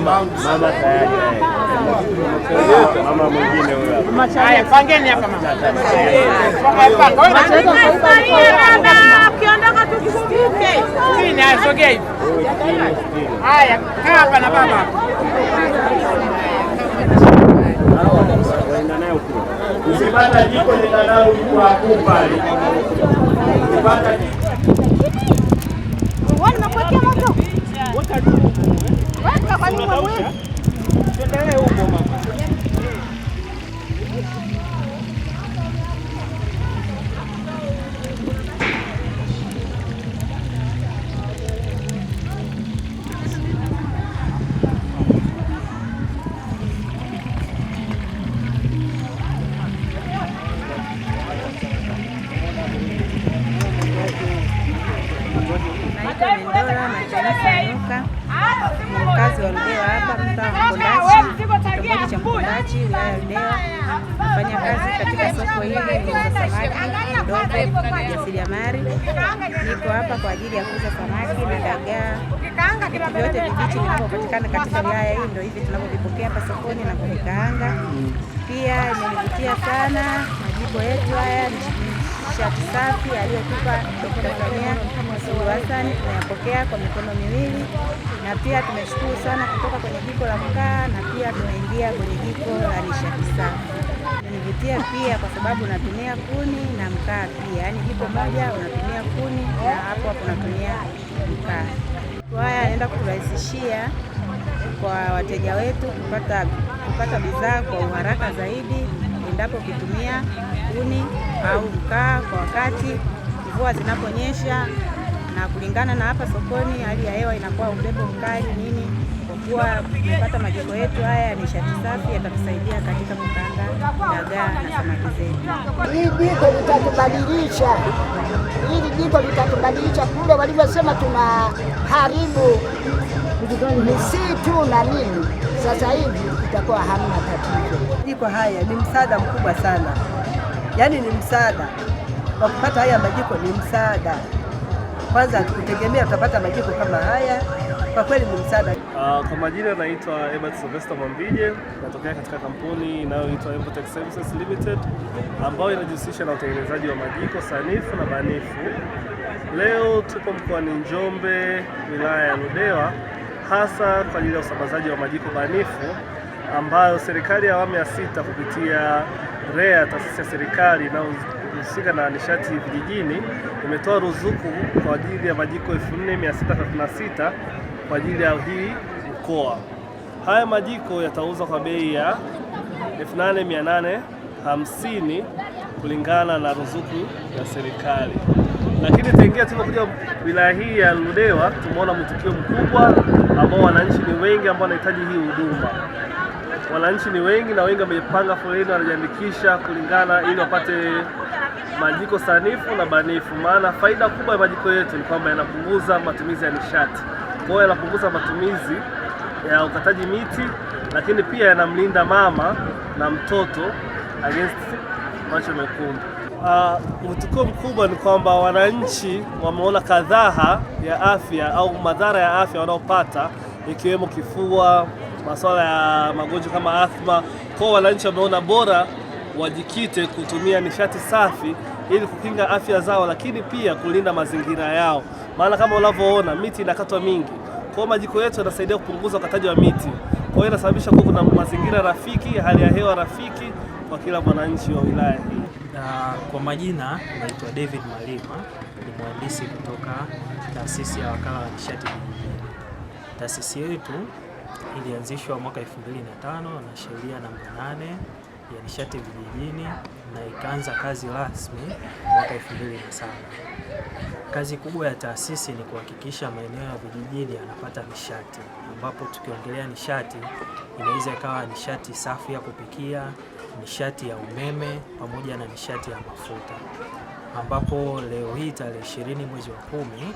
mama tayari mama mwingine ukipata jiko ni dadau yuko hapo pale ukipata jiko Unatausha tuendelee huko mama. Naitwa Mindora, Mataifa Inuka. mkazi wa Ludewa hapa mtaa wa Mkondaji, kitongoji cha Mkondaji, wilaya ya Ludewa. Nafanya kazi katika soko hili, la samaki mdogo, mjasiriamali. Niko hapa kwa ajili ya kuuza samaki na dagaa, vitu vyote vibichi vinavyopatikana katika wilaya hii, ndio hivi tunavyovipokea hapa sokoni na kuvikaanga. Pia imenivutia sana majibu yetu haya nishati safi aliyotupa Dokta Samia Suluhu Hassan tunayapokea kwa mikono miwili, na pia tumeshukuru sana kutoka kwenye jiko la mkaa na pia tunaingia kwenye jiko la nishati safi. Nivutia pia kwa sababu unatumia kuni na mkaa pia, yaani jiko moja unatumia kuni na hapo hapo unatumia mkaa. Haya yanaenda kuturahisishia kwa wateja wetu kupata kupata bidhaa kwa uharaka zaidi endapo kutumia kuni au mkaa kwa wakati mvua zinaponyesha, na kulingana na hapa sokoni hali ya hewa inakuwa upepo mkali nini, kwa kuwa kupata majiko yetu haya ni nishati safi, yatatusaidia katika kukanga dagaa na samaki zetu. Hii jiko litatubadilisha, hili jiko litatubadilisha kule walivyosema tuna haribu misitu na nini. Sasa hivi itakuwa hamna tatizo. Jiko haya ni msaada mkubwa sana yaani ni msaada kwa kupata haya majiko, ni msaada kwanza, kutegemea utapata majiko kama haya, kwa kweli ni msaada. Uh, kwa majina naitwa Ebert Sylvester Mwambije, natokea katika kampuni inayoitwa Evotech Services Limited ambayo inajihusisha na utengenezaji wa majiko sanifu na banifu. Leo tuko mkoani Njombe, wilaya ya Ludewa, hasa kwa ajili ya usambazaji wa majiko banifu ambayo serikali ya awamu ya sita kupitia REA, taasisi ya serikali inayohusika na nishati vijijini, imetoa ruzuku kwa ajili ya majiko 4636 kwa ajili ya hii mkoa. Haya majiko yatauzwa kwa bei ya 8850 kulingana na ruzuku ya serikali. Lakini taingia tulipokuja wilaya hii ya Ludewa, tumeona mtukio mkubwa ambao wananchi ni wengi ambao wanahitaji hii huduma wananchi ni wengi na wengi wamepanga foleni, wanajiandikisha kulingana ili wapate majiko sanifu na banifu. Maana faida kubwa ya majiko yetu ni kwamba yanapunguza matumizi ya nishati, kwa hiyo yanapunguza matumizi ya ukataji miti, lakini pia yanamlinda mama na mtoto against macho mekundu. Uh, mkubwa ni kwamba wananchi wameona kadhaa ya afya au madhara ya afya wanaopata ikiwemo kifua masuala ya magonjwa kama athma. Kwa wananchi wameona bora wajikite kutumia nishati safi ili kukinga afya zao, lakini pia kulinda mazingira yao, maana kama unavyoona miti inakatwa mingi. Kwa majiko yetu yanasaidia kupunguza ukataji wa miti, kwa hiyo inasababisha kuwa kuna mazingira rafiki, hali ya hewa rafiki kwa kila mwananchi wa wilaya hii. Kwa majina naitwa David Malima, ni mhandisi kutoka taasisi ya wakala wa nishati vijijini. Taasisi yetu ilianzishwa mwaka 2005 na sheria namba 8 ya nishati vijijini na ikaanza kazi rasmi mwaka 2007. Kazi kubwa ya taasisi ni kuhakikisha maeneo ya vijijini yanapata nishati, ambapo tukiongelea nishati inaweza ikawa nishati safi ya kupikia, nishati ya umeme pamoja na nishati ya mafuta ambapo leo hii tarehe ishirini mwezi wa kumi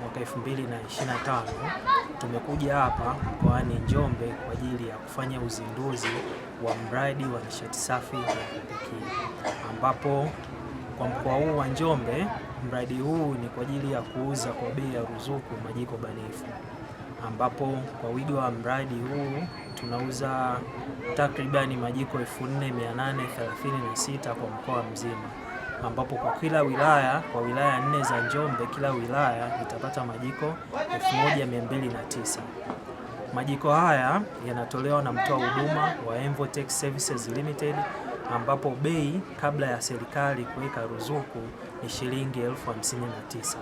mwaka 2025 tumekuja hapa mkoani Njombe kwa ajili ya kufanya uzinduzi wa mradi wa nishati safi ya kupikia, ambapo kwa mkoa huu wa Njombe mradi huu ni kwa ajili ya kuuza kwa bei ya ruzuku majiko banifu, ambapo kwa wigo wa mradi huu tunauza takribani majiko 4836 kwa mkoa mzima ambapo kwa kila wilaya kwa wilaya nne za Njombe, kila wilaya itapata majiko 1209. Majiko haya yanatolewa na mtoa huduma wa Envotech Services Limited ambapo bei kabla ya serikali kuweka ruzuku ni shilingi elfu hamsini na tisa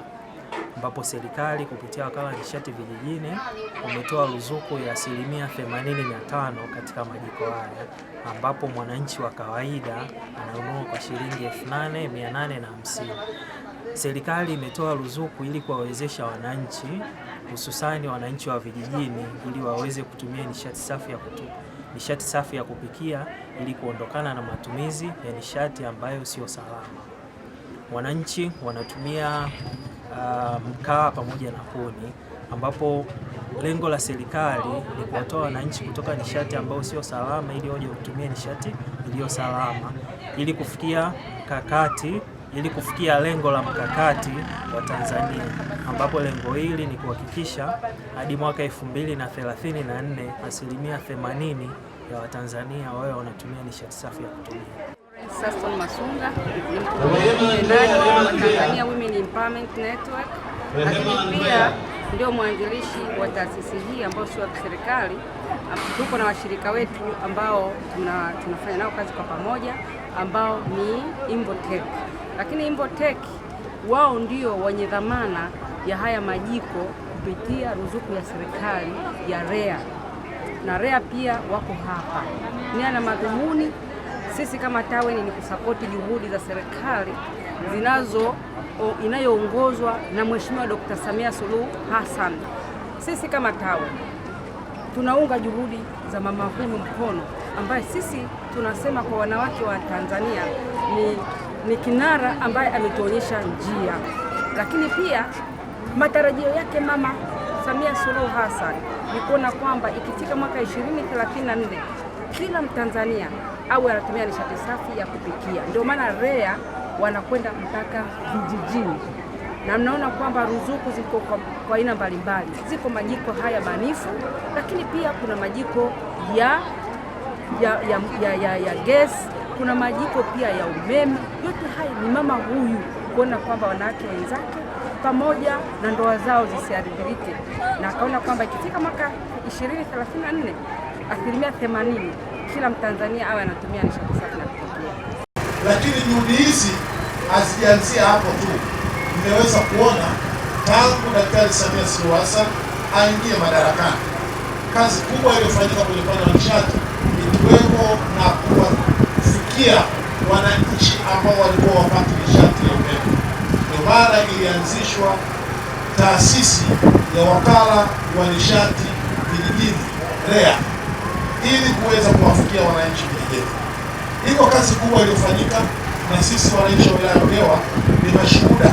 ambapo serikali kupitia wakala nishati vijijini umetoa ruzuku ya asilimia themanini na tano katika majiko haya, ambapo mwananchi wa kawaida ananunua kwa shilingi elfu nane mia nane na hamsini. Serikali imetoa ruzuku ili kuwawezesha wananchi hususani wananchi wa vijijini ili waweze kutumia nishati safi ya kutu, nishati safi ya kupikia ili kuondokana na matumizi ya nishati ambayo sio salama. Wananchi wanatumia mkaa pamoja na kuni, ambapo lengo la serikali ni kuwatoa wananchi kutoka nishati ambayo sio salama ili waje kutumia nishati iliyo salama ili kufikia kakati ili kufikia lengo la mkakati wa Tanzania ambapo lengo hili ni kuhakikisha hadi mwaka 2034 asilimia 80 ya Watanzania wawe wanatumia nishati safi ya kutumia. Saston Masunga, ni wa Tanzania Women Empowerment Network, lakini pia ndio mwanzilishi wa taasisi hii ambayo sio ya serikali. Tuko na washirika wetu ambao tuna, tunafanya nao kazi kwa pamoja ambao ni Invotech, lakini Invotech wao ndio wenye dhamana ya haya majiko kupitia ruzuku ya serikali ya REA na REA pia wako hapa ni na madhumuni sisi kama TAWEN ni kusapoti juhudi za serikali zinazo inayoongozwa na Mheshimiwa Dr. Samia Suluhu Hassan. Sisi kama TAWEN tunaunga juhudi za mama huyu mkono ambaye sisi tunasema kwa wanawake wa Tanzania ni, ni kinara ambaye ametuonyesha njia, lakini pia matarajio yake mama Samia Suluhu Hassan ni kuona kwamba ikifika mwaka 2034 kila Mtanzania au anatumia nishati safi ya kupikia. Ndio maana REA wanakwenda mpaka vijijini, na mnaona kwamba ruzuku ziko kwa aina mbalimbali, ziko majiko haya banifu, lakini pia kuna majiko ya ya, ya, ya, ya, ya gesi, kuna majiko pia ya umeme. Yote haya ni mama huyu kuona kwamba wanawake wenzake pamoja na ndoa zao zisiharibike, na akaona kwamba ikifika mwaka 2034 asilimia 80 kila Mtanzania awe anatumia nishati safi na kupikia. Lakini juhudi hizi hazijaanzia hapo tu, mmeweza kuona tangu Daktari Samia Suluhu Hassan aingie madarakani, kazi kubwa iliyofanyika kwenye upande wa nishati ikiwemo na kuwafikia wananchi ambao walikuwa wapati nishati ya umeme. Ndio maana ilianzishwa taasisi ya wakala wa nishati vijijini REA ili kuweza kuwafikia wananchi vijijini. Iko kazi kubwa iliyofanyika, na sisi wananchi wa wilaya ya Ludewa ni mashuhuda.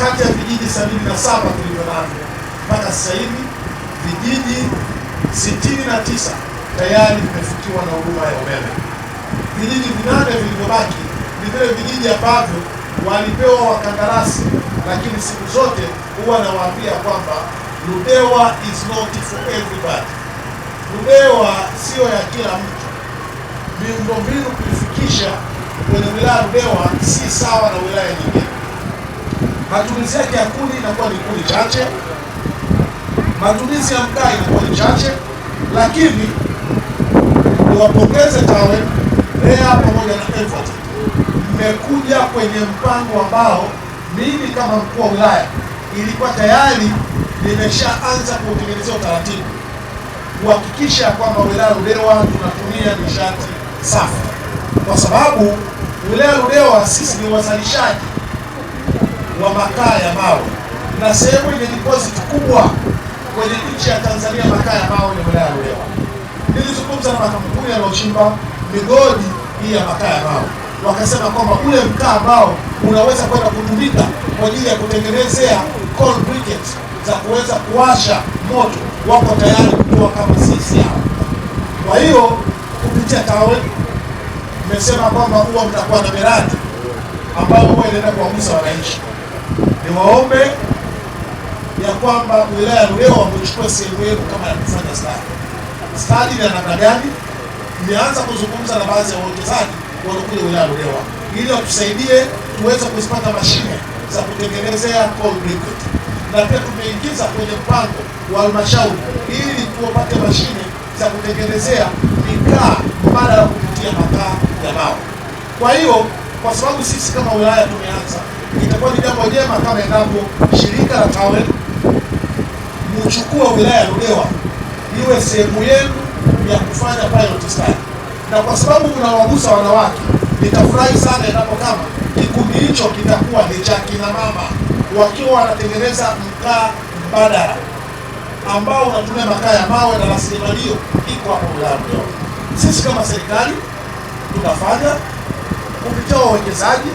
Kati ya vijiji sabini na saba tulivyo navyo mpaka sasa hivi vijiji sitini na tisa tayari vimefikiwa na huduma ya umeme. Vijiji vinane vilivyobaki ni vile vijiji ambavyo walipewa wakandarasi, lakini siku zote huwa nawaambia kwamba Ludewa is not for everybody. Ludewa sio ya kila mtu. Miundombinu kuifikisha kwenye wilaya Ludewa si sawa na wilaya nyingine. Matumizi yake ya kuni inakuwa ni kuni chache, matumizi ya mkaa inakuwa ni chache, lakini niwapongeze TAWE, REA pamoja na EVOT, mmekuja kwenye mpango ambao mimi kama mkuu wa wilaya ilikuwa tayari nimeshaanza kutengeneza utaratibu kuhakikisha ya kwamba wilaya Ludewa tunatumia nishati safi, kwa sababu wilaya Ludewa sisi ni wazalishaji wa makaa ya mawe na sehemu yenye deposit kubwa kwenye nchi ya Tanzania makaa ya mawe ni wilaya Ludewa. Nilizungumza na makampuni yanayochimba migodi hii ya makaa ya mawe, wakasema kwamba ule mkaa ambao unaweza kwenda kutumika kwa ajili ya kutengenezea coal briquettes za kuweza kuwasha moto wako tayari kutoa kama sisi hapa. Kwa hiyo kupitia tawe mmesema kwamba huwa mtakuwa na miradi ambayo huwa inaenda kuwagusa wananchi. Niwaombe ya kwamba wilaya ya Ludewa wamechukua sehemu yenu kama ya kufanya stadi. Stadi ni namna gani? Nimeanza kuzungumza na baadhi ya wawekezaji waliokuja wilaya ya Ludewa ili watusaidie tuweze kuzipata mashine za kutengenezea na pia tumeingiza kwenye mpango wa halmashauri ili tuwapate mashine za kutengenezea mikaa mbadala ya kupitia makaa ya mawe. Kwa hiyo kwa sababu sisi kama wilaya tumeanza, itakuwa ni jambo jema kama endapo shirika la TAWEL mchukue wilaya Ludewa iwe sehemu yenu ya kufanya pilot study, na kwa sababu unawagusa wanawake, nitafurahi sana endapo kama kikundi hicho kitakuwa ni cha kina mama wakiwa wanatengeneza mkaa mbadala ambao unatumia makaa ya mawe na rasilimali hiyo iko hapo wilaya Sisi kama serikali tunafanya kupitia wawekezaji,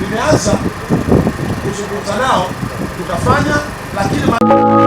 nimeanza kuzungumza nao tutafanya lakini